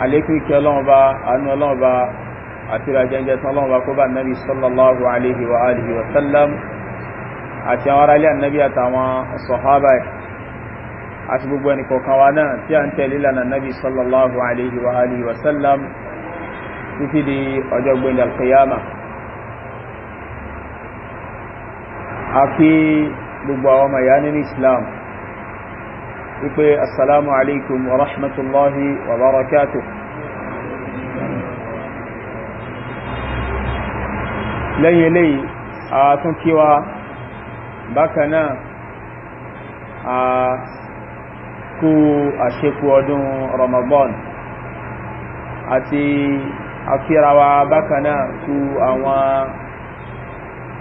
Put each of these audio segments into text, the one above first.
àlékún ìkẹ́ ọlọ́run bá àánú ọlọ́run bá àti ìrajẹ́jẹ́ tán ọlọ́run bá kó bá nàbí sallallahu alaihi wa alihi wa sallam àti àwọn aráalé ànábì àtàwọn sọ̀hábà àti gbogbo ẹnì kọ̀ọ̀kan wa náà tí a ń tẹ̀lé lànà nàbí sallallahu alaihi wa wípé assalamu alaikum wa rahmatullahi wa barakatuh lẹ́yìn eléyìí a tún kí wa bákanáà a kú àṣekú ọdún ramadan àti akírawa bákanáà kú àwọn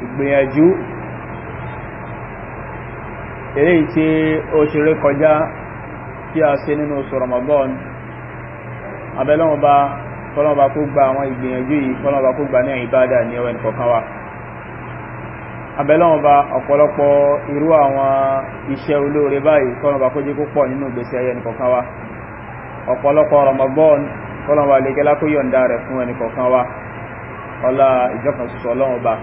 ìgbìyànjú Ere tí ó ti ré kọjá tí a ṣe nínú oṣù Ramadan abẹ́lọ́wọ́ba kọ́lọ́wọ́ba kó gba àwọn ìgbìyànjú yìí kọ́lọ́wọ́ba kó gba ní ìbádà ní ọwẹ́ nìkọ̀kan wa abẹ́lọ́wọ́ba ọ̀pọ̀lọpọ̀ irú àwọn iṣẹ́ olóore báyìí kọ́lọ́wọ́ba kó jẹ́ kó pọ̀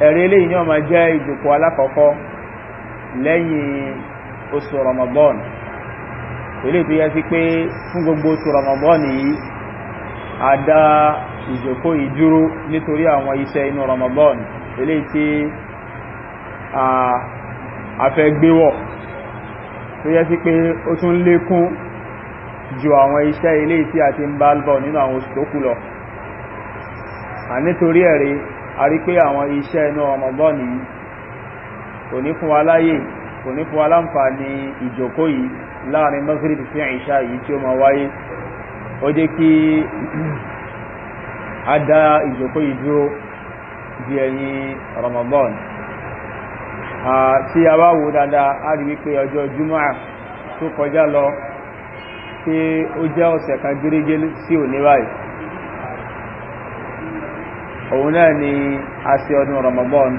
ẹ̀rí eléyìí náà máa jẹ́ ìjòkó alákọ̀ọ́kọ́ lẹ́yìn oṣù Ramadan ilé tó yẹ sí pé fún gbogbo oṣù Ramadan yìí a dá ìjòkó yìí dúró nítorí àwọn iṣẹ́ inú Ramadan ilé tí a fẹ́ gbéwọ̀ tó yẹ sí pé ó tún lékún ju àwọn iṣẹ́ ilé tí a ti ń bá bọ̀ nínú àwọn oṣù tó kù lọ a rí pé àwọn iṣẹ́ inú Ramadan yìí kò ní fún wa láyè kò ní fún wa láǹfààní ìjòkó yìí láàrin Maghrib sí Ìṣá yìí tí ó máa wáyé ó jẹ́ kí a dá ìjòkó yìí dúró di ẹ̀yìn Ramadan tí a bá wo dáadáa a rí wípé ọjọ́ Jumu'ah tó kọjá lọ tí ó jẹ́ ọ̀sẹ̀ kan gírígé sí òní báyìí òun náà ni a ṣe ọdún Ramadan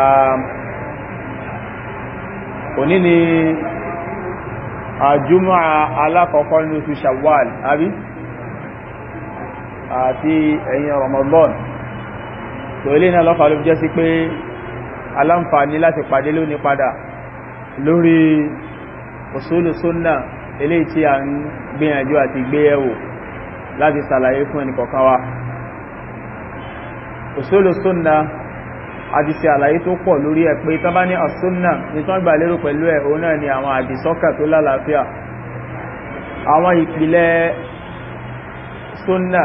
um, òní ni àjúmọ́ alákọ̀ọ́kọ́ nínú oṣù Shawwal àbí àti ẹ̀yìn Ramadan tó ilé náà lọ́fà ló jẹ́ sí pé aláǹfààní láti pàdé lónìí padà lórí usulu sunna eléyìí tí a ń gbìyànjú àti gbé ẹ̀wò láti sàlàyé fún ẹni wa usulu súnna àti sí àlàyé tó pọ̀ lórí ẹ̀ pé tán bá ní àsúnà ní tán gbà lérò pẹ̀lú ẹ̀ òun náà ni àwọn àdìsọ́kà tó lálàáfíà àwọn ìpìlẹ̀ súnà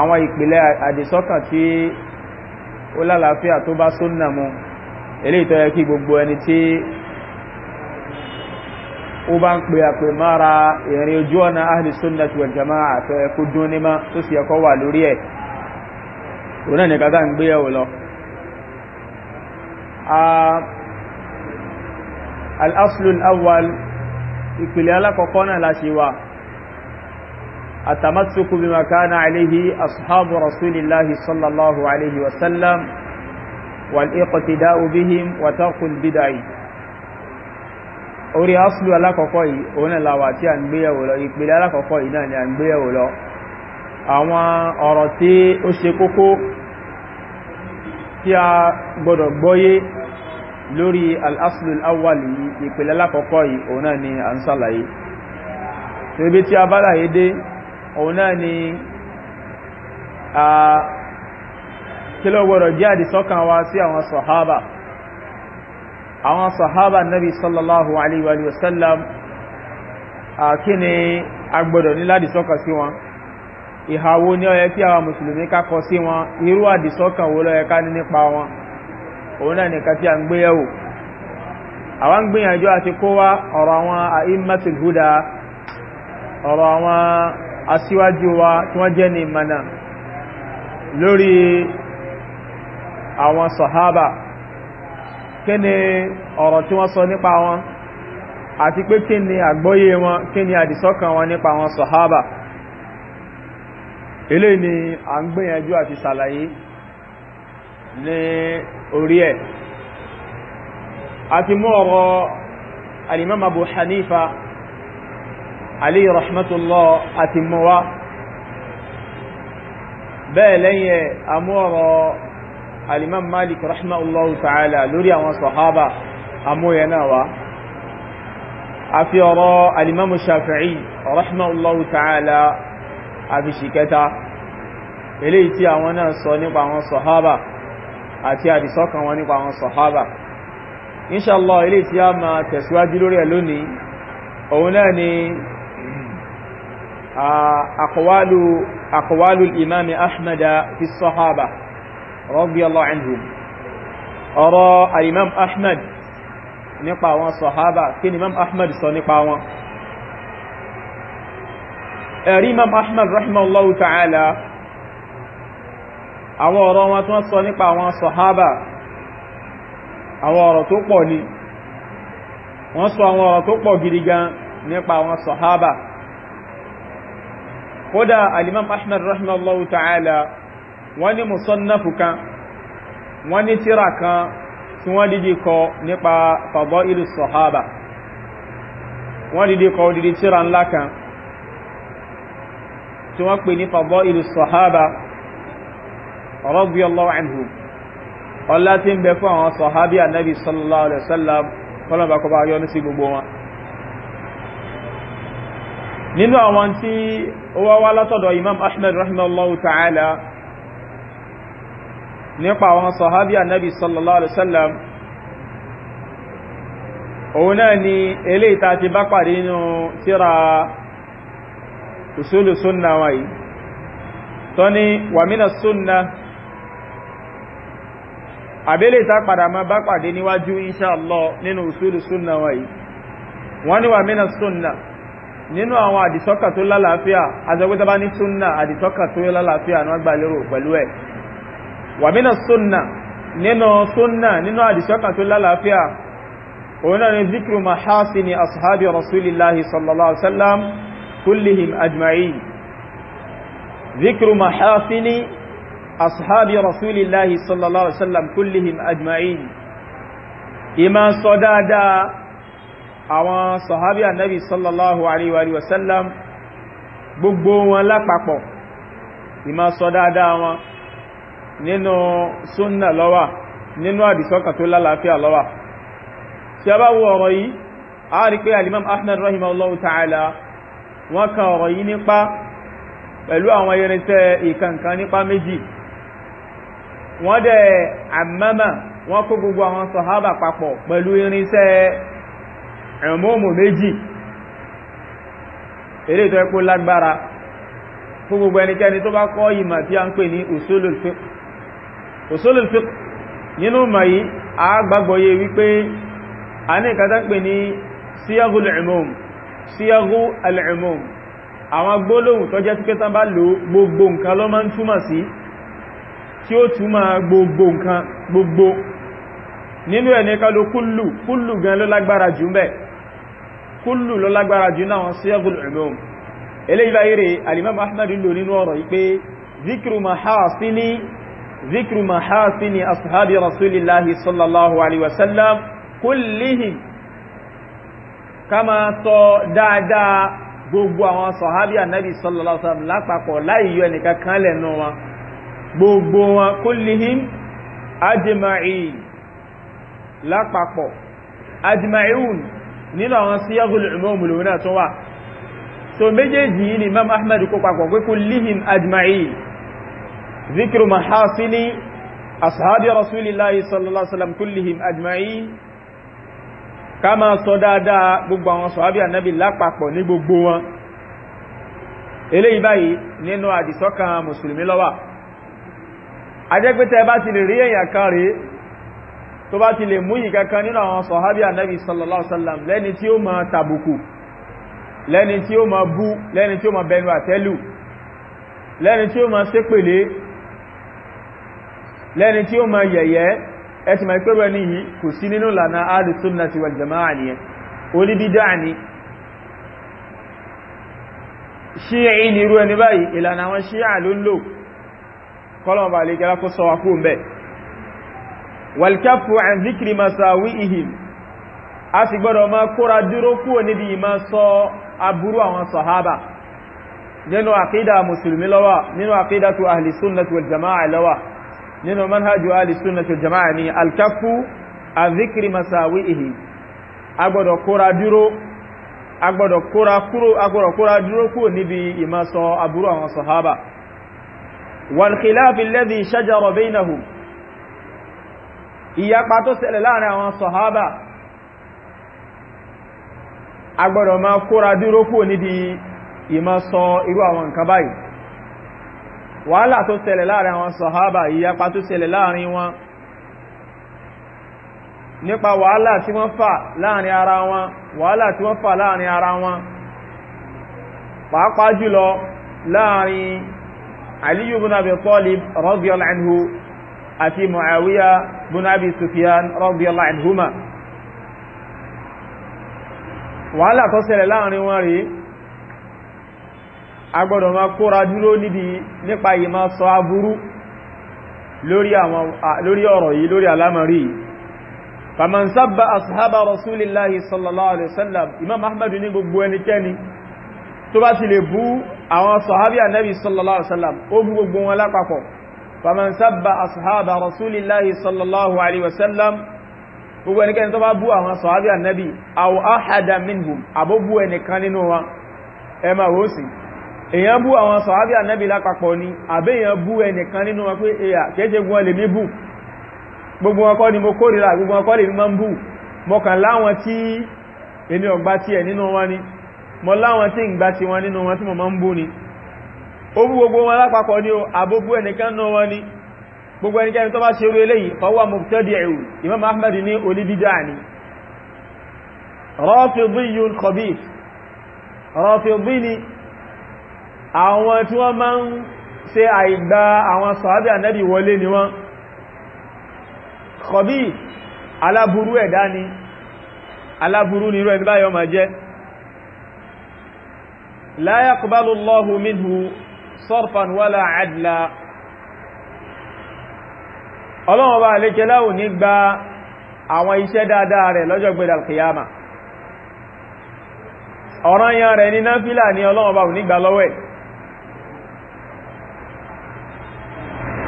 àwọn ìpìlẹ̀ àdìsọ́kà tí ó lálàáfíà tó bá súnà mu eléyìí tó yẹ kí gbogbo ẹni tí ó bá ń pè àpè mára ìrìn ojú ọ̀nà ahli sunnati wal jama'a àfẹ́ kó dún ní má tó sì ẹ̀kọ́ wà lórí ẹ̀ òun náà nìkan tá ń gbé ẹ̀wò lọ al awwal ìpìlẹ̀ alákọ̀ọ́kọ́ náà láti wà التمسك بما كان عليه أصحاب رسول الله صلى الله عليه وسلم والاقتداء بهم وترك البدع orí aslu alákọ̀ọ́kọ́ yìí òun làwà tí a ń gbéyẹ̀wò lọ ìpele alákọ̀ọ́kọ́ yìí náà ni a ń gbéyẹ̀wò lọ àwọn ọ̀rọ̀ tí ó ṣe kókó tí a gbọ́dọ̀ gbọ́yé lórí al-aslu ìpele alákọ̀ọ́kọ́ yìí òun náà ni a ń sàlàyé tẹ́bí tí a bálàyé dé òun náà ni a kí ló gbọ́dọ̀ jẹ́ wa sí àwọn sàhábà àwọn sahaba nabi sallallahu alaihi wa sallam a kí ni agbọ́dọ̀ ní ládìsọ́kà sí wọn ìhàwó ní ó yẹ kí àwọn mùsùlùmí kákọ sí wọn irú àdìsọ́kà wo ló yẹ ká ní nípa wọn òun náà nìkan tí a ń gbéyẹ̀wò àwọn ń gbìyànjú àti kó wá ọ̀rọ̀ àwọn a'immatul ọ̀rọ̀ àwọn aṣíwájú wa tí wọ́n jẹ́ ní ìmọ̀nà lórí àwọn sahaba kí ni ọ̀rọ̀ tí wọ́n sọ nípa wọn àti pé kí ni àgbọ́yé wọn kí ni àdìsọ́kàn wọn nípa wọn sọ̀hábà ilé ni a ń gbìyànjú àti ṣàlàyé ní orí ẹ̀ àti mú ọ̀rọ̀ alimam hanifa alayhi rahmatullah àti mọ́wá bẹ́ẹ̀ lẹ́yìn àmú ọ̀rọ̀ alimam malik rahimahullahu ta'ala lórí àwọn sọ̀hábà amóyẹ náà wá àfi ọ̀rọ̀ alimamu shafi'i rahimahullahu ta'ala abishikẹta eléyìí tí àwọn náà sọ nípa àwọn sọ̀hábà àti àdìsọ́kan wọn nípa àwọn sọ̀hábà inṣàlá eléyìí tí a máa tẹ̀síwájú lórí ẹ̀ lónìí òun náà ni àkọwálù imami ahmada fi sọ̀hábà radiyallahu anhum ọ̀rọ̀ alimam ahmed nípa àwọn sọ̀hábà kí ni imam ahmed sọ nípa wọn ẹ̀rí imam ahmed rahimahullahu ta'ala àwọn ọ̀rọ̀ wọn tó sọ nípa àwọn sọ̀hábà àwọn ọ̀rọ̀ tó pọ̀ ni wọ́n sọ àwọn ọ̀rọ̀ tó pọ̀ gidi gan nípa àwọn sọ̀hábà kódà alimam ahmed rahimahullahu ta'ala wọ́n ní musannafu kan wọ́n ní tíra kan tí wọ́n dìdí kọ nípa fadailu sahaba wọ́n dìdí kọ dìdí tíra ńlá kan tí wọ́n pè ní fadailu sahaba radiyallahu anhum ọlá tí ń bẹ fún àwọn sahabi annabi sallallahu alaihi wasallam nípa àwọn sọ̀hábí ànábì sallallahu alaihi wasallam òun náà ni eléyìí tá ti bá pàdé nínú tírà usulu súnnà wáyìí tó ní wa mina súnnà àbẹ́lẹ̀ tá padà ma bá pàdé níwájú inṣàlọ́ nínú usulu súnnà wáyìí wọ́n ni wa mina súnnà nínú àwọn àdìsọ́kà tó lálàáfíà azọ́gbẹ́ta bá ní súnnà àdìsọ́kà tó lálàáfíà ní wọ́n gbà lérò pẹ̀lú ẹ̀ wàmínà súnnà nínú súnnà nínú àdìsọ́kàn tó lálàáfíà òun náà ni zikru mahasini ashabi rasulillahi sallallahu alaihi wasallam kullihim ajma'in zikru mahasini ashabi rasulillahi sallallahu alaihi wasallam kullihim ajma'in ìmá sọ dáadáa àwọn sahabi annabi sallallahu alaihi wasallam gbogbo wọn lápapọ̀ ìmá sọ dáadáa wọn nínú súnnà lọ́wà nínú àdìsọ́kà tó lálàáfíà lọ́wà tí a bá wo ọ̀rọ̀ yìí a rí pé alimam ahmed rahimahullahu ta'ala wọ́n ka ọ̀rọ̀ yìí nípa pẹ̀lú àwọn irinṣẹ́ ìkankan nípa méjì wọ́n dẹ̀ àmàmà wọ́n kó gbogbo àwọn sọ̀hábà papọ̀ pẹ̀lú irinṣẹ́ ẹ̀mọ́mù méjì eré ìtọ́ ẹ̀kọ́ lágbára fún gbogbo ẹnikẹ́ni tó bá kọ́ ìmọ̀ tí a ń pè ní usulul usulul fiqh nínú mayi a gbàgbọ́yé wípé a ní kàtà pè ní síyagú al'umum síyagú al'umum àwọn gbólóhùn tó jẹ́ tíkẹta bá lò gbogbo nǹkan ló máa ń túmọ̀ sí tí ó túmọ̀ gbogbo nǹkan gbogbo nínú ẹ̀ ní kálò kúlù kúlù gan ló lágbára jù ń kúlù ló lágbára jù náà síyagú al'umum ذكر محاسن أصحاب رسول الله صلى الله عليه وسلم كلهم كما تدادا gbogbo àwọn sọ̀hábí ànábì sallallahu alaihi wasallam lápapọ̀ láì yọ ẹnìkan kan lẹ́nu wọn gbogbo wọn kullihim ajma'in lápapọ̀ ajma'un nínú àwọn síyagul umum lòun náà tún wà so méjèèjì yìí ni imam ذكر محاصل أصحاب رسول الله صلى الله عليه وسلم كلهم أجمعين كما صدادا بقبوا صحابي النبي لا بقبوا نبقبوا eléyìí báyìí nínú àdìsọ́kàn mùsùlùmí ló wà ajẹ́pẹ́tẹ́ bá ti lè rí èyàn kan rí tó bá ti lè mú yìí kankan nínú àwọn sọ̀hábí ànábì sallallahu alaihi wasallam lẹ́ni tí ó ma tàbùkù lẹ́ni tí ó ma bú lẹ́ni tí ó ma bẹnu àtẹ́lù lẹ́ni tí ó ma ṣépèlé lẹ́ni tí ó ma yẹ̀yẹ́ ẹ̀tì ma pẹ́rẹ ní yìí kò sí nínú lànà ahlu sunnati wal jama'a nìyẹn olíbídá ni ṣíyẹ̀ ìlú ẹni báyìí ìlànà àwọn ṣíyà ló ń lò kọlọ̀mọ̀bà lè kẹ́lá kó sọ wákó mẹ́ wàlkẹ́fù àn zikri masáwí ihim a sì gbọ́dọ̀ nínú àkídà musulmi lọ́wà nínú àkídà tó ahli sunnati wal jama'a lọ́wà nínú manhajú alìsúnnà tó jama'a ni alkafu a zikiri masawi ihe agbọ́dọ̀ kóra dúró agbọ́dọ̀ kóra kúrò agbọ́dọ̀ kóra dúró kúrò níbi ìmásọ àbúrú àwọn sahaba walkhilafi lẹ́dí ṣajara bainahum ìyapa tó ṣẹlẹ̀ láàrin àwọn sahaba agbọ́dọ̀ ma kóra dúró kúrò níbi ìmásọ irú àwọn nǹkan wàhálà tó ṣẹlẹ̀ láàrin àwọn sàhábà ìyapa tó ṣẹlẹ̀ láàrin wọn nípa wàhálà tí wọ́n fà láàrin ara wọn wàhálà tí wọ́n fà láàrin ara wọn pàápàá jùlọ láàrin Aliyu bin Abi Talib radiyallahu anhu àti Muawiya bin Abi Sufyan radiyallahu wàhálà tó ṣẹlẹ̀ láàrin wọn rèé agbọ́dọ̀ máa kóra dúró níbi nípa yìí máa sọ aburú lórí ọ̀rọ̀ yìí lórí alámàrí faman sábà ashaba rasulillahi sallallahu alaihi wasallam imam ahmadu ní gbogbo ẹnikẹ́ni tó bá ti lè bú àwọn sọ̀hábí ànábì sallallahu alaihi wasallam ó bú gbogbo wọn lápapọ̀ faman sábà ashaba rasulillahi sallallahu alaihi wasallam gbogbo ẹnikẹ́ni tó bá bú àwọn sọ̀hábí ànábì aw ahada minhum àbó bú ẹnìkan nínú wọn ẹ máa èyàn bú àwọn sọ̀hábí ànẹ́bì lápapọ̀ ni àbẹ́ èyàn bú ẹnìkan nínú wọn pé èyà kéèṣe gún ọlè mí bù gbogbo wọn kọ́ ni mo kórìíra gbogbo wọn kọ́ lè mọ́ ń bù mọ́kàn láwọn tí èmi ọ̀gbá tí ẹ̀ nínú wọn ni mọ́ láwọn tí ìgbà tí wọn nínú wọn tí mo mọ́ ń bù ni gbogbo wọn lápapọ̀ ni àwọn tí wọ́n máa ń ṣe àìgbà àwọn sàábì ànábì wọlé ni wọ́n kọ̀bí aláburú ẹ̀dá ni aláburú ni rẹ̀ báyọ̀ ma jẹ́ la yaqbalu Allahu minhu sarfan wala adla ọlọ́wọ́ bá alékẹ́ láwò ní gba àwọn iṣẹ́ dáadáa rẹ̀ lọ́jọ́ gbẹ̀dà kìyàmà ọ̀ranyàn rẹ̀ ní náfílà ní ọlọ́wọ́ ò ní gbà lọ́wẹ́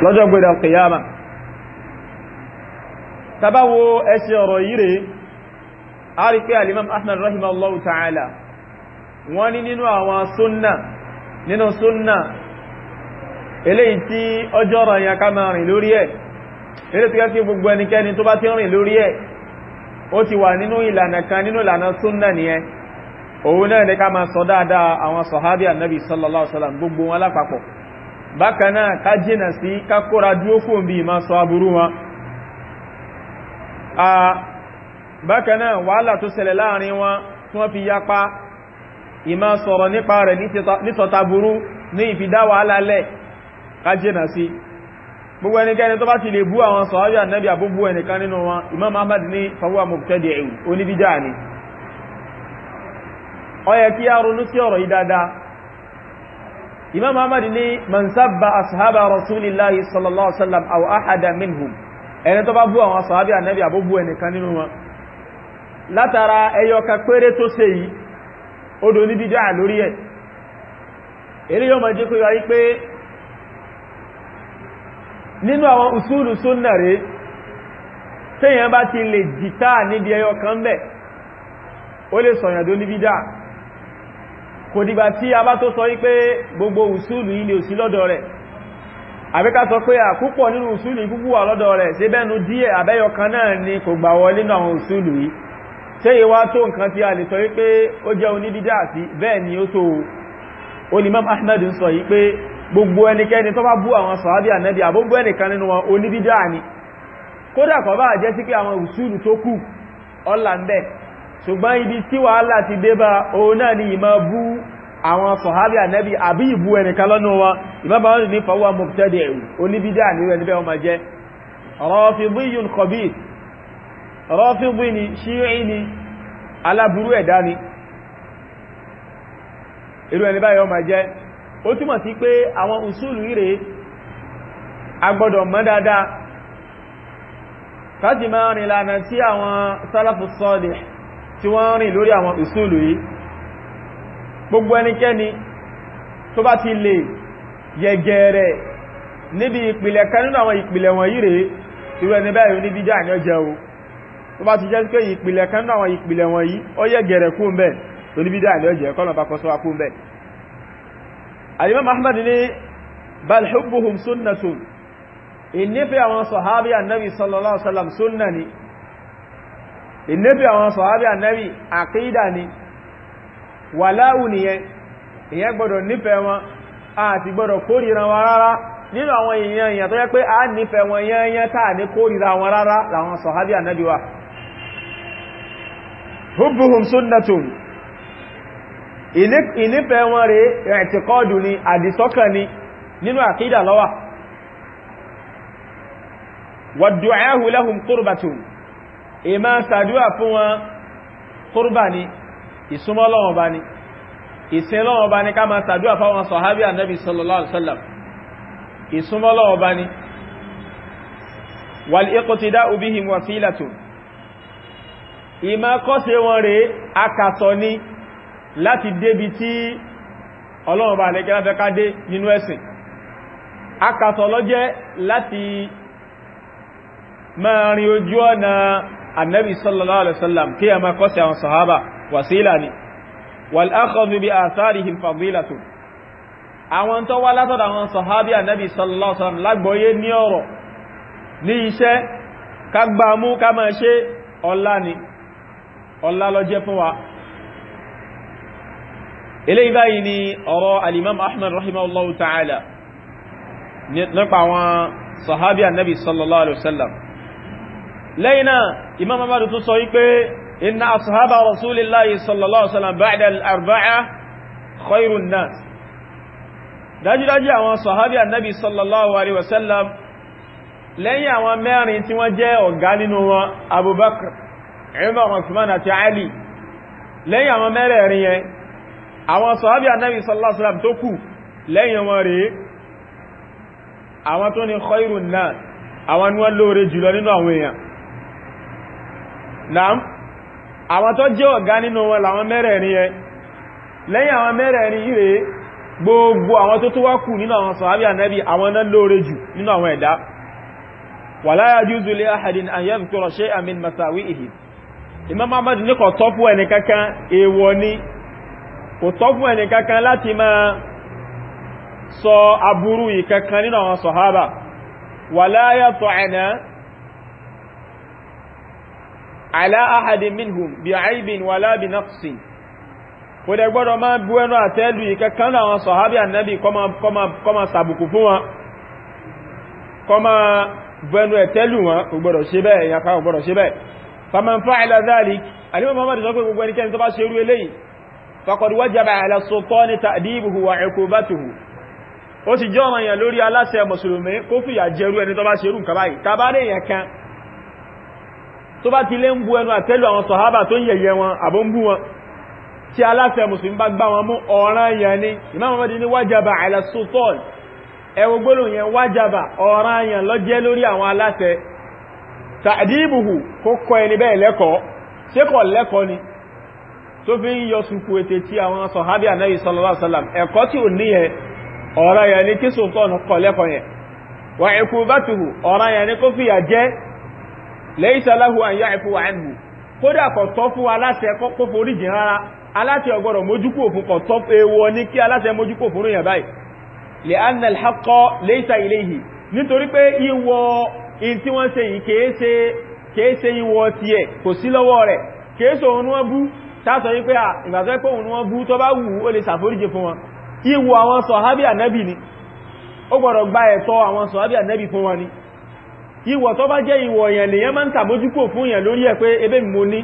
lọ́jọ́ gbẹ̀dẹ̀ alkiyama tàbáwo ẹsẹ̀ ọ̀rọ̀ yìí rẹ̀ a rí pé alimam ahmad rahimahullahu ta'ala wọ́n ní nínú àwọn súnnà nínú súnnà eléyìí tí ọjọ́ ọ̀rọ̀ yẹn ká máa rìn lórí ẹ̀ eléyìí tó yẹ kí gbogbo ẹnikẹ́ni tó bá ti rìn lórí ẹ̀ ó ti wà nínú ìlànà kan nínú ìlànà súnnà nìyẹn òun náà ní ká máa sọ dáadáa àwọn sọ̀hábí ànábì sallallahu alaihi gbogbo wọn lápapọ̀ bákanáà ká jìnà sí kákóra dúó fún bí ma sọ aburú wọn a bákanáà wàhálà tó ṣẹlẹ̀ láàrin wọn tí wọ́n fi yapa ìmá sọ̀rọ̀ nípa rẹ̀ nítọ̀ta burú ní ìfidá wàhálà lẹ̀ ká jìnà sí gbogbo ẹnikẹ́ni tó bá ti lè bú àwọn sọ̀hájú ànábì àbúgbò ẹnìkan nínú wọn Imam Ahmad ní fahuwa mubtadi'u oníbídà ni ó yẹ kí a ronú sí ọ̀rọ̀ yìí dáadáa imam ahmad ní man sabba ashaba rasulillahi sallallahu alaihi wasallam aw ahada minhum ẹni tó bá bú àwọn sahabi annabi abubu ẹnìkan nínú wọn látara ẹyọ kan péré tó ṣe yìí ó do ní bídá lórí ẹ̀ eré yóò máa jẹ́ kó yọrí pé nínú àwọn usulu sunna rẹ̀ téèyàn bá ti lè jìtá níbi ẹyọ kan bẹ̀ ó lè sọ̀yàn dó ní bídá kò dìgbà tí a bá tó sọ wípé gbogbo ùsùlù ilé òsí lọ́dọ̀ rẹ̀ àbíká sọ pé àkúpọ̀ nínú ùsùlù ìgbúgbù wà lọ́dọ̀ rẹ̀ sí bẹ́nu díẹ̀ àbẹ́yọkan náà ni kò gbà wọlé nínú àwọn ùsùlù yìí ṣé ìwá tó nǹkan tí a lè sọ wípé ó jẹ́ onídídá àti bẹ́ẹ̀ ni ó tó olimam ahmed ń sọ ni kódà kó bá jẹ́ sí pé àwọn ṣùgbọ́n ibi tí wàhálà ti dé bá òun náà ni ìmọ̀ bú àwọn sọ̀hábí ànẹ́bí àbí ìbú ẹnìkan lọ́nà wọn ìmọ̀bà wọn ní fọwọ́ mọ̀tẹ́dẹ̀ ẹ̀rù oníbídà ní rẹ̀ níbẹ̀ wọn ma jẹ́ rọ́fíbíyùn kọ̀bí rọ́fíbí ni ṣírí ni aláburú ẹ̀dá ni irú ẹni àwọn sálàfù sọ́ọ̀dẹ̀ tí wọ́n rìn lórí àwọn ìsúlù yìí gbogbo ẹnikẹ́ni tó bá ti lè yẹgẹrẹ níbi ìpìlẹ̀ kan nínú àwọn ìpìlẹ̀ wọ̀nyí rèé irú ẹni báyìí ní bídá ní ọjẹ́ o tó bá ti jẹ́ pé ìpìlẹ̀ kan nínú àwọn ìpìlẹ̀ wọ̀nyí ó yẹgẹrẹ kú ń bẹ̀ tó ní bídá ní ọjẹ́ kọ́nà bá kọ́ sọ́wá kú ń sallallahu alaihi wasallam ìnẹ́bí àwọn sọ̀hábí ànẹ́bí àkídà ni wà láwù nìyẹn ìyẹn gbọ́dọ̀ nífẹ̀ẹ́ wọn àti gbọ́dọ̀ kórìíra wọn rárá nínú àwọn èèyàn èèyàn tó yẹ pé a nífẹ̀ẹ́ wọn yẹ́yẹ́ táà ní kórìíra wọn rárá làwọn sọ̀hábí ànẹ́bí wà wàdùn àyáhù lahum qurbatun ìmá sàdúwà fún wọn kúrbà ní ìsúnmọ́ Ọlọ́run bá ní ìsìn Ọlọ́run bá ní ká máa sàdúwà fáwọn sọ̀hábí ànábì sallallahu alaihi wasallam ìsúnmọ́ Ọlọ́run bá ní wal iqtida'u bihim wasilatun ìmá kọ́sẹ̀ wọn rẹ̀ akàtọ̀ ní láti débi tí Ọlọ́run bá lẹ́gẹ́ láfẹ́ ká dé nínú ẹ̀sìn akàtọ̀ lọ́jẹ́ láti máa rin ojú ọ̀nà annabi sallallahu alaihi wasallam kí a máa kọ́sí àwọn sahaba wasila ni wal akhadhu bi atharihim fadilatun àwọn tó wá látọ̀dọ̀ àwọn sahabi annabi sallallahu alaihi wasallam lágbọ́yé ní ọ̀rọ̀ ní iṣẹ́ ká gbà mú ká máa ṣe ọlá ni ọlá ló jẹ́ fún wa eléyìí báyìí ni ọ̀rọ̀ al-imam ahmad rahimahullahu ta'ala nípa àwọn sahabi annabi sallallahu alaihi wasallam lẹ́yìn náà imam amadu tún sọ wípé inna ashaba rasulillahi sallallahu alaihi wasallam ba'da al-arba'a khairun nas dájúdájú àwọn sahabi annabi sallallahu alaihi wasallam lẹ́yìn àwọn mẹ́rin tí wọ́n jẹ́ ọ̀gá nínú wọn abubakar umar usman àti ali lẹ́yìn àwọn mẹ́rẹ̀ẹ̀rin yẹn àwọn sahabi annabi sallallahu alaihi wasallam tó kù lẹ́yìn wọn rèé àwọn tó ní khairun nas àwọn naam àwọn tó jẹ́ ọ̀gá nínú wọn làwọn mẹ́rẹ̀ẹ̀rin yẹn lẹ́yìn àwọn mẹ́rẹ̀ẹ̀rin ire gbogbo àwọn tó tó wá kù nínú àwọn sọ̀hábí ànẹ́bí àwọn náà lóore jù nínú àwọn ẹ̀dá wala yajuzu li ahadin an ala ahadin minhum bi aibin wala bi naqsin kò dẹ̀ gbọ́dọ̀ máa bú ẹnu àtẹ́lù ìkẹ́kàn láwọn sọ̀hábí ànábì kọ́ ma sàbùkù fún wọn kọ́ ma bú ẹnu ẹ̀tẹ́lù wọn kò gbọ́dọ̀ ṣe bẹ́ẹ̀ ìyàká kò gbọ́dọ̀ ṣe bẹ́ẹ̀ faman fa'ala dhalik alimọ́ muhammad sọ pé gbogbo ẹnikẹ́ni tó bá ṣe irú eléyìí faqad wajaba tó bá ti lé ń bu ẹnu àtẹ́lù àwọn sọ̀hábà tó ń yẹ̀yẹ wọn àbó ń bú wọn tí aláṣẹ mùsùlùmí bá gbá wọn mú ọ̀ràn yẹn ni Imam Ahmad ní wájàbà ala sultan ẹwọ gbólóhùn yẹn wájàbà ọ̀ràn yẹn ló jẹ́ lórí àwọn aláṣẹ tàdíbùhù kó kọ́ ẹni bẹ́ẹ̀ lẹ́kọ̀ọ́ ṣé kọ̀ lẹ́kọ̀ọ́ ni tó fi ń yọ sùkú ètè tí àwọn sọ̀hábì ànábì sallallahu laysa lahu an ya'fu anhu kódà kò tọ́ fún aláṣẹ kó foríjìn rárá aláṣẹ ọgbọ́dọ̀ mójúkú òfin kò tọ́ ewọ ní kí aláṣẹ mójúkú òfin ròyìn báyìí li'anna al-haqqa laysa ilayhi nítorí pé ìwọ in tí wọ́n ṣe yìí kèése ìwọ ti ẹ̀ kò sí lọ́wọ́ rẹ̀ kèése òun wọ́n bú tásọ yí pé ìgbàtọ́ pé òun wọ́n bú tó ìwọ̀ tó bá jẹ́ ìwọ̀ èèyàn lèyàn máa ń tàbójúkò fún èèyàn lórí ẹ̀ pé ebé mi mo ní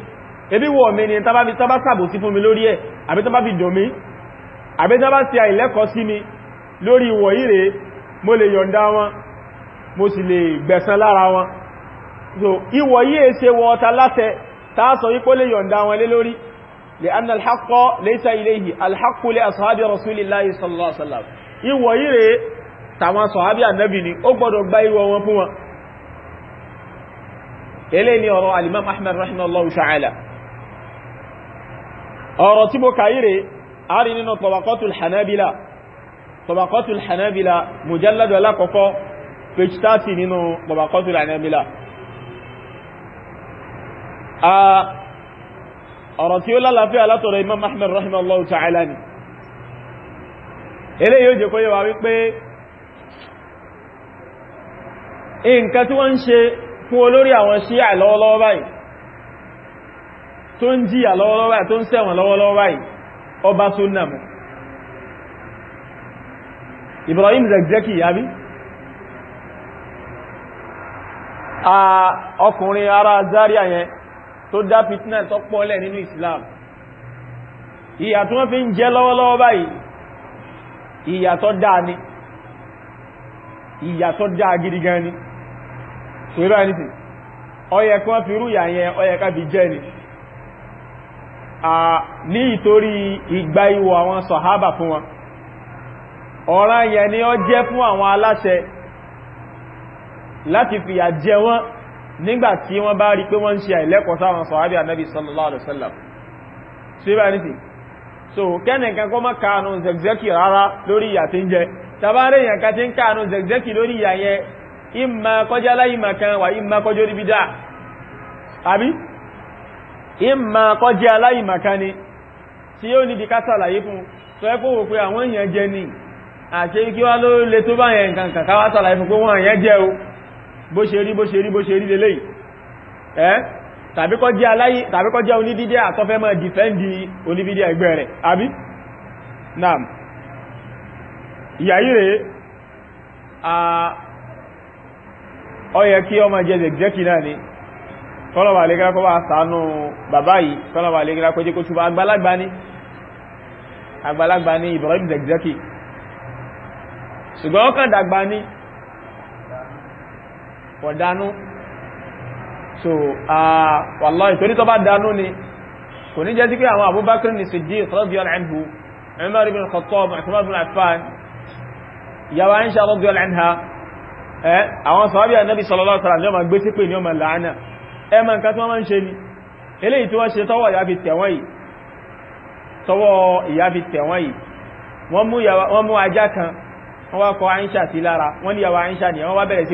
ebí wọ̀ mi ni tàbá fi tàbá sàbò sí fún mi lórí ẹ̀ àbí tàbá fi dùn mí àbí tàbá sí àìlẹ́kọ̀ọ́ sí mi lórí ìwọ̀ ire mo lè yọ̀ǹda wọn mo sì lè gbẹ̀san lára wọn so ìwọ̀ yìí ṣe wọ ọta látẹ tàásọ wípó lè yọ̀ǹda wọn lé lórí lè anna alhaqqa laysa ilayhi alhaqqu li ashabi rasulillahi sallallahu alaihi wasallam ìwọ̀ ire tàwọn sọ̀hábí ànábì ni ó gbọ́dọ̀ gba ìwọ̀ wọn fún wọn eléyìí ni ọ̀rọ̀ alimam ahmed rahimahullahu ta'ala ọ̀rọ̀ tí mo kàíre a rí nínú tọbakọ́tul hanabila tọbakọ́tul hanabila mujalladu alákọ̀ọ́kọ́ page 30 nínú tọbakọ́tul hanabila ọ̀rọ̀ tí ó lálàáfíà látọ̀rọ̀ imam ahmed rahimahullahu ta'ala ni eléyìí ó jẹ́ kó wípé nǹkan tí wọ́n ń ṣe fún olórí àwọn ṣíà lọ́wọ́lọ́wọ́ báyìí tó ń jìyà lọ́wọ́lọ́wọ́ báyìí tó ń ṣẹ̀wọ̀n lọ́wọ́lọ́wọ́ báyìí ọba súnnà mú Ibrahim Zakzaki yàbí a ọkùnrin ara Zaria yẹn tó dá fitna tó pọ̀lẹ̀ nínú Islam ìyà tí wọ́n fi ń jẹ lọ́wọ́lọ́wọ́ báyìí ìyà dáa ni ìyà dáa gidi gan ni kò ibá ní sí ọyẹ kí wọ́n fi rú yẹn ọyẹ ká jẹ́ ni ní ìtorí ìgbà ìwọ̀ àwọn sọ̀hábà fún wọn ọ̀ràn yẹn ni ó jẹ́ fún àwọn aláṣẹ láti fìyà jẹ wọ́n nígbàtí wọ́n bá rí pé wọ́n ń ṣe àìlẹ́kọ̀ọ́ sáwọn sọ̀hábì ànábì sallallahu so kẹ́nìkan kọ́ mọ́ kàánù zẹ̀gzẹ́kì rárá lórí ìyà tí ń jẹ tàbárẹ̀yàn ká ti ń ìmà kọjá aláìmà kan wà ìmà kọjá orí bídá àbí ìmà kọjá aláìmà kan ni tí yóò ní dìká sàlàyé fún tó ẹ́ kówò pé àwọn èèyàn jẹ ní àti kí wá ló lè tó bá yẹn nǹkan káwá sàlàyé fún pé wọ́n èèyàn jẹ́ o bó ṣe rí bó ṣe rí bó ṣe rí lélẹ̀ tàbí kọjá onídídẹ́ àtọ́fẹ́ máa dìfẹ́ndì onídídẹ́ ẹgbẹ́ rẹ̀ àbí naam ìyàyí rèé ó yẹ kí ọmọ jẹ́ zẹ̀gẹ́kì náà ni kọ́lọ̀wà lẹ́gẹ́ra kọ́ bá sàánú bàbá yìí kọ́lọ̀wà lẹ́gẹ́ra kọ́ jẹ́ kó túbà àgbàlagbà ní àgbàlagbà ní Ibrahim zẹ̀gẹ́kì ṣùgbọ́n ọkàn dàgbà ní ọ̀dánú so wallahi torí tó bá dánú ni kò ní jẹ́ sí pé àwọn Abubakar ní Siddiq radiyallahu anhu Umar ibn Khattab Uthman ibn Affan ìyàwó Aisha radiyallahu anha Eh, àwọn sàábí ànábì na alaihi wasallam yọ́mà gbé sí pé ní ọmọ làánà ẹmà nǹkan tí wọ́n ń ṣe ní eléyìí tí wọ́n ṣe tọwọ́ ìyá fi tẹ̀wọ́n yìí tọwọ́ ìyá fi tẹ̀wọ́n yìí wọ́n mú ajá kan wọ́n wá kọ àìṣà sí lára wọ́n ní ní wọ́n wá bẹ̀rẹ̀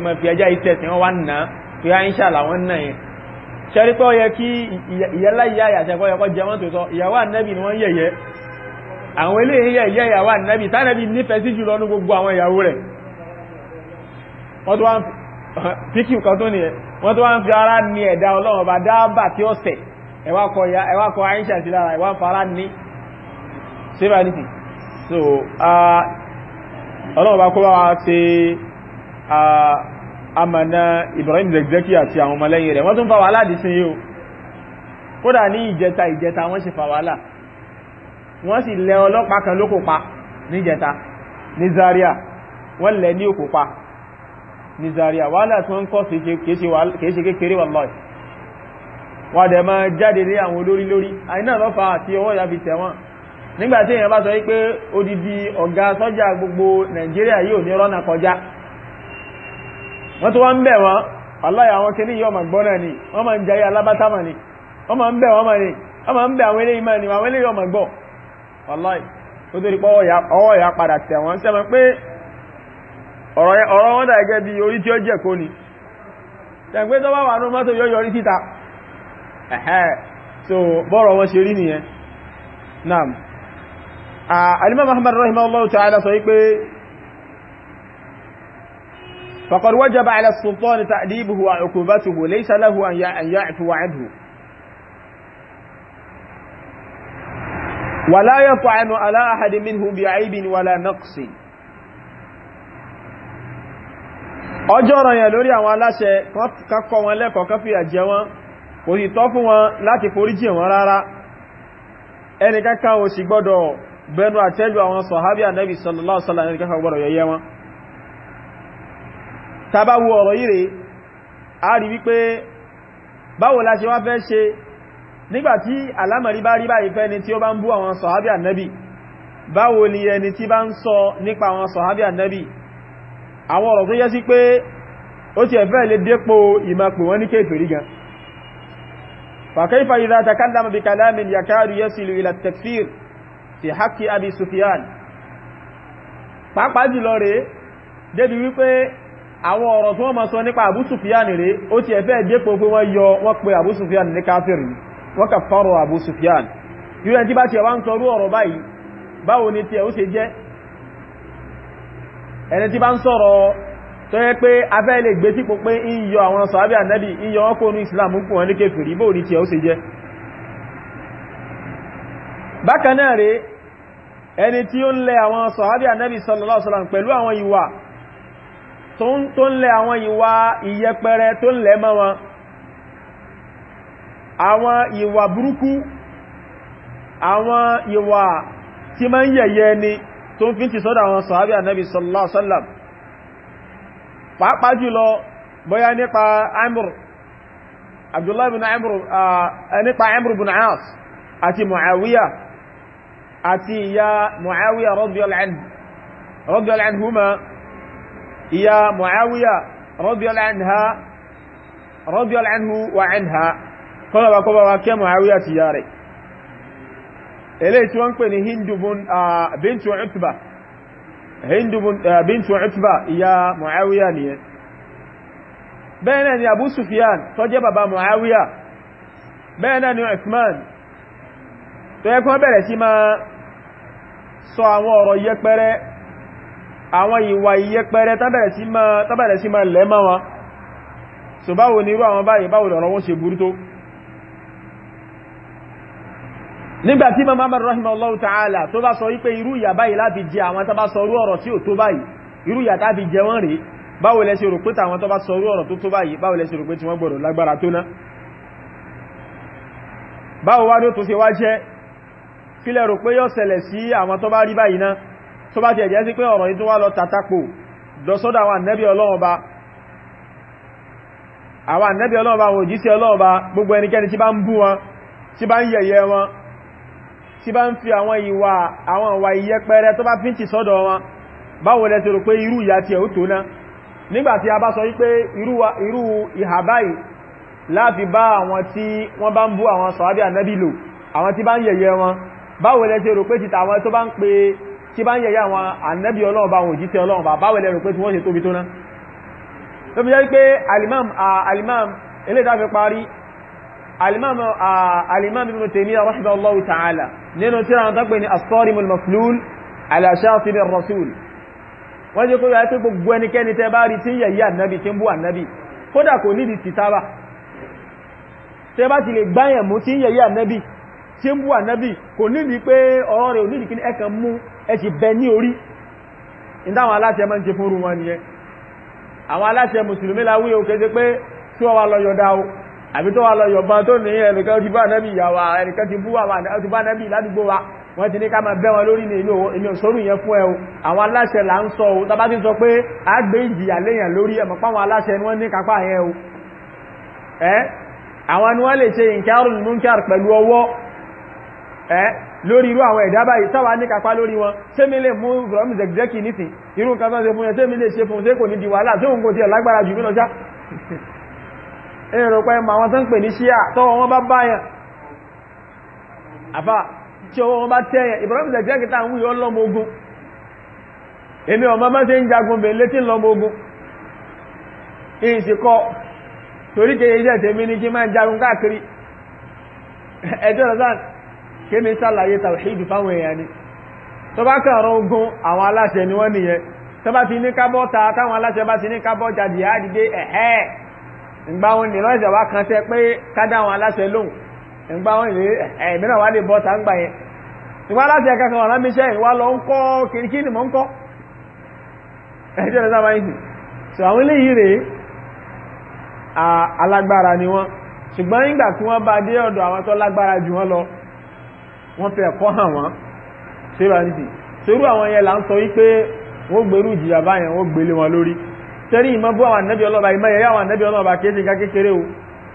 sí wọ́n tó wá ń píkì kan tó nìyẹn wọ́n tó wá ń fi ara ní ẹ̀dá ọlọ́run ọba dáàbà tí ó sẹ̀ ẹ̀wà kọ àyíṣà sí lára ẹ̀wà ń fara ní síbà nìtì so ọlọ́run ọba kó bá wa ṣe amànà Ibrahim Zakzaki àti àwọn ọmọlẹ́yìn rẹ̀ wọ́n tún fa wàhálà dì sí yíò kódà ní ìjẹta ìjẹta wọ́n sì fa wàhálà wọ́n sì lẹ ọlọ́pàá kan lókò pa níjẹta ní Zaria wọ́n lẹ ní òkò pa ní Zaria wàhálà tí wọ́n ń kọ́ sí kéèṣe kékeré wà lọ́ọ̀ wọ́n dẹ̀ máa jáde lé àwọn olórí lórí àìná lọ́fà àti ọwọ́ ìyá fi tẹ̀wọ́n nígbàtí èèyàn bá sọ wípé odidi ọ̀gá sọ́jà gbogbo Nàìjíríà yóò ní rọ́nà kọjá wọ́n tó wá ń bẹ̀ wọ́n aláyà àwọn kìíní yóò máa gbọ́ náà ni wọ́n ma ń jayé ni wọ́n ń bẹ̀ wọ́n ni wọ́n ma ń bẹ̀ àwọn eléyìí ni àwọn eléyìí torí pé ọwọ́ ìyá padà ọ̀rọ̀ wọn dàgẹ́ bí orí tí ó jẹ́ kó ní tẹ̀gbé tó bá wà ní mọ́tò yóò yọrí síta ẹ̀hẹ́ so bọ́rọ̀ wọn ṣe rí nìyẹn naam alimam ahmad rahimahullahu ta'ala sọ wípé faqad wajaba ala as-sultan ta'dibuhu wa wa la ọjọ́ ọ̀rọ̀ yẹn lórí àwọn aláṣẹ kankọ wọn lẹ́kọ̀ọ́ kan fìyà jẹ wọn kò sì tọ́ fún wọn láti foríjì wọn rárá ẹni kankan ò sì gbọ́dọ̀ bẹnu àtẹ́lù àwọn sọ̀hábí ànábì sallallahu alaihi wasallam ẹni kankan gbọ́dọ̀ yẹyẹ wọn tàbá wo ọ̀rọ̀ yìí rèé a rí wípé báwo la ṣe wá fẹ́ ṣe nígbàtí àwọn ọ̀rọ̀ tó yẹ sí pé ó ti ẹ̀fẹ́ lè dépò ìmọ̀pẹ̀ wọn ní kéèfèrí gan فكيف إذا تكلم بكلام يكاد يصل إلى التكفير في حق أبي سفيان pàápàá jùlọ rẹ̀ débi wípé àwọn ọ̀rọ̀ tí wọ́n ma sọ nípa Abu Sufyan rẹ̀ ó ti ẹ̀fẹ́ dépò pé wọ́n yọ wọ́n pe Abu Sufyan ní káfíìrì wọ́n kà fọ́rọ̀ Abu Sufyan yúrẹ́ tí bá ti ẹ̀wà ń sọrú ọ̀rọ̀ báyìí báwo ni tí ẹ̀ ó ṣe jẹ́ ẹni tí bá ń sọ̀rọ̀ tó yẹ pé afẹ́ lè gbé sípò pé ń àwọn sàábì ànábì ń ọkọ̀ ní islam ń pò wọn ní kéfìrí bóò ní tí ẹ ó ṣe jẹ́ bákan náà rèé ẹni tí ó ń lẹ àwọn sàábì ànábì sallallahu alaihi wasallam pẹ̀lú àwọn ìwà tó ń lẹ ń yẹ̀yẹ́ ni tó ń fi ti sọ́dọ̀ àwọn sàábí ànábì sallallahu alaihi wasallam pàápàá jùlọ bóyá nípa amr abdullahi bin amr nípa amr bin as àti muawiya àti ìyá muawiya radiyallahu anhuma ìyá muawiya radiyallahu anha radiyallahu anhu wa anha kọ́nà bá kọ́ bá wá kẹ́ muawiya ti eléyìí tí wọ́n ń pè ní hindubun ah, bintu utba hindubun ah, bintu utba ìyá muawiya nìyẹn bẹ́ẹ̀ náà ni abu sufyan tó jẹ́ bàbá muawiya bẹ́ẹ̀ náà ni uthman tó yẹ kí wọ́n bẹ̀rẹ̀ sí máa sọ àwọn ọ̀rọ̀ yẹpẹrẹ àwọn ìwà ìyẹpẹrẹ tábẹ̀rẹ̀ sí máa lẹ́mọ́ wọn so báwo ni irú àwọn báyìí báwo lọ̀rọ̀ wọn ṣe burú tó nígbàtí imam ahmad rahimahullahu ta'ala tó bá sọ wípé irú ìyà báyìí láti jẹ àwọn tó bá sọ orú ọ̀rọ̀ tí ò tó báyìí irú ìyà tàbí jẹ wọ́n rí báwo lẹ ṣe rò pé tàwọn tó bá sọ orú ọ̀rọ̀ tó tó báyìí báwo lẹ ṣe rò pé tí wọ́n gbọ́dọ̀ lágbára tó ná báwo wá ló tó ṣe wá jẹ́ kí rò pé yóò ṣẹlẹ̀ sí àwọn tó bá rí báyìí ná tó bá tiẹ̀ sí pé ọ̀rọ̀ yìí tó wá lọ tàtàpò dọ̀sọ́dọ̀ àwọn ànẹ́bí ọlọ́run ba àwọn ànẹ́bí ọlọ́run ba àwọn òjíṣẹ́ ọlọ́run ba gbogbo ẹnikẹ́ni tí bá ń bú wọn tí bá ń yẹ̀yẹ́ wọn tí bá ń fi àwọn ìwà àwọn ìwà ìyẹpẹrẹ tó bá fi ń ti sọ́dọ̀ wọn báwo lẹ ti rò pé irú ìyà tí ẹ̀ ó tó náà nígbàtí a bá sọ wípé irú ìhà báyìí láti bá àwọn tí wọ́n bá ń bú àwọn sọ̀hábí ànábì àwọn tí bá ń yẹ̀yẹ́ wọn báwo lẹ ti rò pé ti tàwọn tó bá ń pe alimam alimam eléyìí tá alimami uh, ibn taymiya rahimahullahu ta'ala nínú tí àwọn tọ́pẹ̀ ní as-sarimul maslul ala shatibi ar-rasul wọ́n jẹ́ kó yà pé gbogbo ẹnikẹ́ni tẹ́ bá rí tí ń yẹ̀yí ànábì tí ń bú ànábì kódà kò nídi tìtaba tẹ́ bá ti lè gbáyẹ̀ mú tí ń yẹ̀yí ànábì tí ń bú ànábì kò nídi pé ọ̀rọ̀ rẹ̀ onídi kíní ẹkàn mú ẹ ti bẹ ní orí ìdáwọn aláṣẹ máa ń ti fún wọn nìyẹn àwọn aláṣẹ mùsùlùmí láwí o kéde pé tí wọ́n wá lọ yọ̀dá o àbí tó wà lọ yọ̀bọ̀n tó ní ẹnìkan ti bá nẹ́bì ìyàwó ẹnìkan ti bú wà ti bá nẹ́bì ládùúgbò wa wọ́n ti ní ká máa bẹ́ wọn lórí ní ilé òṣòrù yẹn fún ẹ̀hùn àwọn aláṣẹ là ń sọ ohun tàbá ti sọ pé a gbé ìjìyà léyàn lórí ẹ̀mọ̀ páwọn aláṣẹ ni wọ́n ní kápá yẹn o ẹ́ àwọn ni wọ́n lè ṣe ìkẹ́rùn múnkẹ́r pẹ̀lú ọwọ́ ẹ́ lórí irú àwọn ẹ̀dá báyìí sáwà ní kápá lórí wọn ṣé mi lè mú rọm zẹ̀gẹ́kì nítì irú nǹkan tó ṣe fún yẹn ṣé mi lè ṣe fún ṣé kò ẹ̀rọ pẹ́ ma wọn tán pè ní ṣíà tọ́wọ́ wọn bá báyàn àfá tí ọwọ́ wọn bá tẹ́yàn Ibrahim zẹ̀kẹ́ kìtà ń wúyọ lọ́mọ ogun èmi ọmọ mọ́ sí ń jagun bèèrè létí lọ́mọ ogun ìsìnkọ́ torí kèye jẹ́ tèmi sàlàyé fáwọn àwọn ni ìgbà wọn ni lọ́sẹ̀ wá kan tẹ́ pé kádà àwọn aláṣẹ lóhùn ìgbà wọn ni ẹ̀mìíràn eh, wá lè bọ́ ta ń gbà yẹn ìwà aláṣẹ kankan wà lámíṣẹ́ ìwà lọ ń kọ́ kìrìkì ni mò ń kọ́ ẹjọ́ rẹ̀ sábà yìí so àwọn eléyìí rèé alágbára ni wọ́n ṣùgbọ́n nígbà tí wọ́n bá dé ọ̀dọ̀ àwọn tó lágbára jù wọ́n lọ wọ́n fẹ́ kọ́ hàn wọ́n ṣé bá ń sì àwọn yẹn là ń sọ wípé wọ́n gbèrú ìjìyà báyẹn wọ́n gbélé wọn lórí tẹ́rí ìmọ̀ bú àwọn ànẹ́bí ọlọ́ba ìmọ̀ ẹ̀yà àwọn ànẹ́bí ọlọ́ba kéèsì ká kékeré o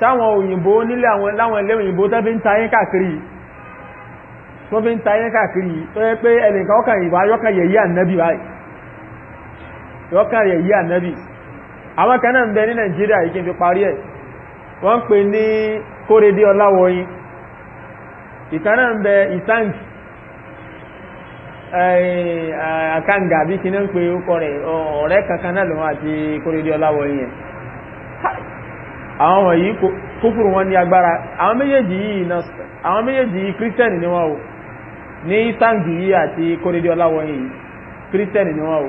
táwọn òyìnbó nílé láwọn ilé òyìnbó tó fi ń tayé káàkiri tó fi ń tayé káàkiri tó yẹ pé ẹnìkan ọkàn ìwà yọkàn yẹ̀yí ànẹ́bí báyìí yọkàn yẹ̀yí ànẹ́bí àwọn kan náà ń bẹ ní nàìjíríà yìí kí n fi parí ẹ̀ wọ́n ń pè ní kórèdé ọláwọ̀yin ìkan náà ń bẹ àkàǹgà bí kí ní ń pe ókọ rẹ̀ ọ̀rẹ́ kankan náà lòun àti kóredé ọláwọ̀ yẹn àwọn wọ̀nyí kúfùrù wọn ní agbára àwọn méjèèjì yìí àwọn méjèèjì yìí kírísítẹ́nì ni wọ́n o ní sáǹgì yìí àti kóredé ọláwọ̀ yìí kírísítẹ́nì ni wọ́n o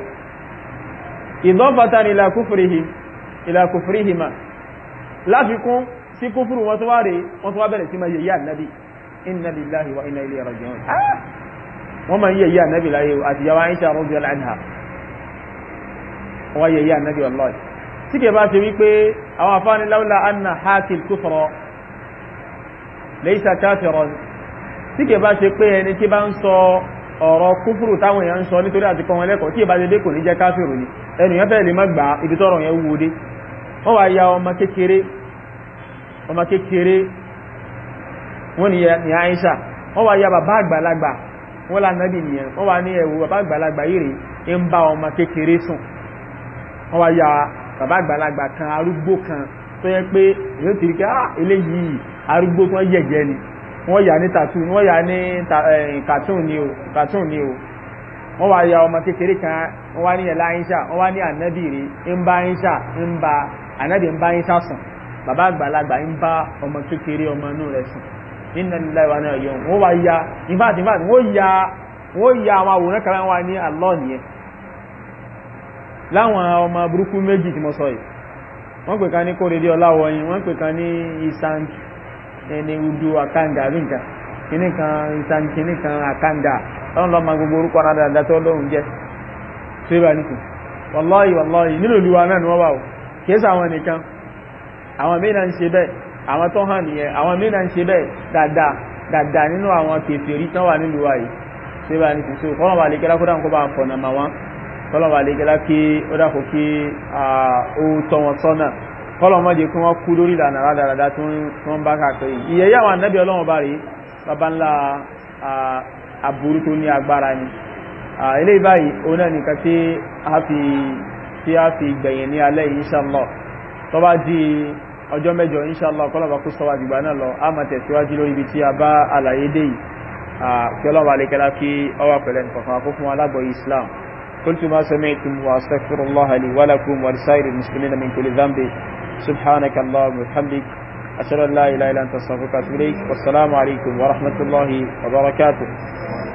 ìdọ́fàtàn ìlà kúfùrìhìm ìlà kúfùrìhìmà láfikún sí kúfùrù wọn tó wá rèé wọn tó wá bẹ̀rẹ̀ sí máa yẹ yá nàbì inna lillahi wa inna ilayhi raji'un wọ́n máa ń yẹ̀yẹ́ ànábì láyé àti yàwó àyíṣà rọ́bì ọláńhà wọ́n yẹ̀yẹ́ ànábì ọlọ́ọ̀dì tí kẹ bá ṣe wípé àwọn afáàní láwùlá anna hakil tó sọ̀rọ̀ lẹ́yìn sàkáfẹ̀rọ̀ tí kẹ bá ṣe pé ẹni tí bá ń sọ ọ̀rọ̀ kúfùrù táwọn èèyàn ń sọ nítorí àti kọ́ wọn lẹ́kọ̀ọ́ tí ìbá dédé kò ní jẹ́ káfíìrù ni ẹnu yẹn fẹ́ẹ̀ lè má gbà ibi tọ́rọ̀ yẹn wúwo dé wọ́n wá ya ọmọ kékeré ọmọ kékeré wọ́n ni ya Aisha wọ́n wá ya bàbá àgbàlagbà wọ́n lánàbì nìyẹn wọ́n wá ní ẹ̀wù bàbá àgbàlagbà yìí rèé ń bá ọmọ kékeré sùn wọ́n wá ya bàbá àgbàlagbà kan arúgbó kan tó yẹ pé yóò ti rí pé ah eléyìí arúgbó tó yẹ̀jẹ̀ ni wọ́n yà ní tàtún wọ́n yà ní kàtún ni o kàtún ni o wọ́n wá ya ọmọ kékeré kan wọ́n wá ní ẹ̀lá ayínṣà wọ́n wá ní ànábì rí ń bá ayínṣà ń bá ànábì ń bá ayínṣà sùn bàbá àgbàlagbà ń bá ọmọ kékeré ọmọ inú rẹ̀ sùn nínú ilẹ̀ wa náà yọ̀n wọ́n wá ya ìfàtí ìfàtí wọ́n ya wọ́n ya àwọn àwòrán kan wá ní Allah nìyẹn láwọn ọmọ burúkú méjì tí mo sọ yìí wọ́n pè kan ní kórèdé ọláwọ̀yìn wọ́n pè kan ní isan ẹni udu akanga bí nǹkan kìíní kan isan kìíní kan akanga lọ́n lọ́ọ́ ma wallahi wallahi nínú ìlú wa náà ni wọ́n wà o kìí sàwọn nìkan àwọn mí ń ṣe bẹ́ẹ̀ àwọn tó hàn nìyẹn àwọn mìíràn ń ṣe bẹ́ẹ̀ dáadáa dáadáa nínú àwọn kèfèrí tán wà nílùú wa yìí ṣé bá ní ti so kọ́nà wà lẹ́gẹ́lá kó dáhùn kó bá ń fọ̀nà mà wọ́n kọ́nà wà lẹ́gẹ́lá kí ó dàkó kí ó tọ́ wọn kọ́nà wọn jẹ́ kí wọ́n kú lórí ìlànà rádaràdá tí wọ́n bá káàkiri ìyẹn yà wọn anábì ọlọ́run bá rèé bàbá aburú tó ní agbára ni eléyìí báyìí òun náà nìkan tí a fi gbẹ̀yìn ní alẹ́ yìí inshallah tó bá di ọjọ́ mẹ́jọ inṣàlá ọ̀kọ́lọ́bà kó sọ àgbìgbà náà lọ a máa tẹ̀síwájú lórí ibi tí a bá àlàyé dé yìí kí ọlọ́wà lè kẹ́lá kí ọwà pẹ̀lẹ̀ nǹkan kó fún alágbọ̀ islam qultu ma sami'tum wa astaghfirullaha li wa lakum wa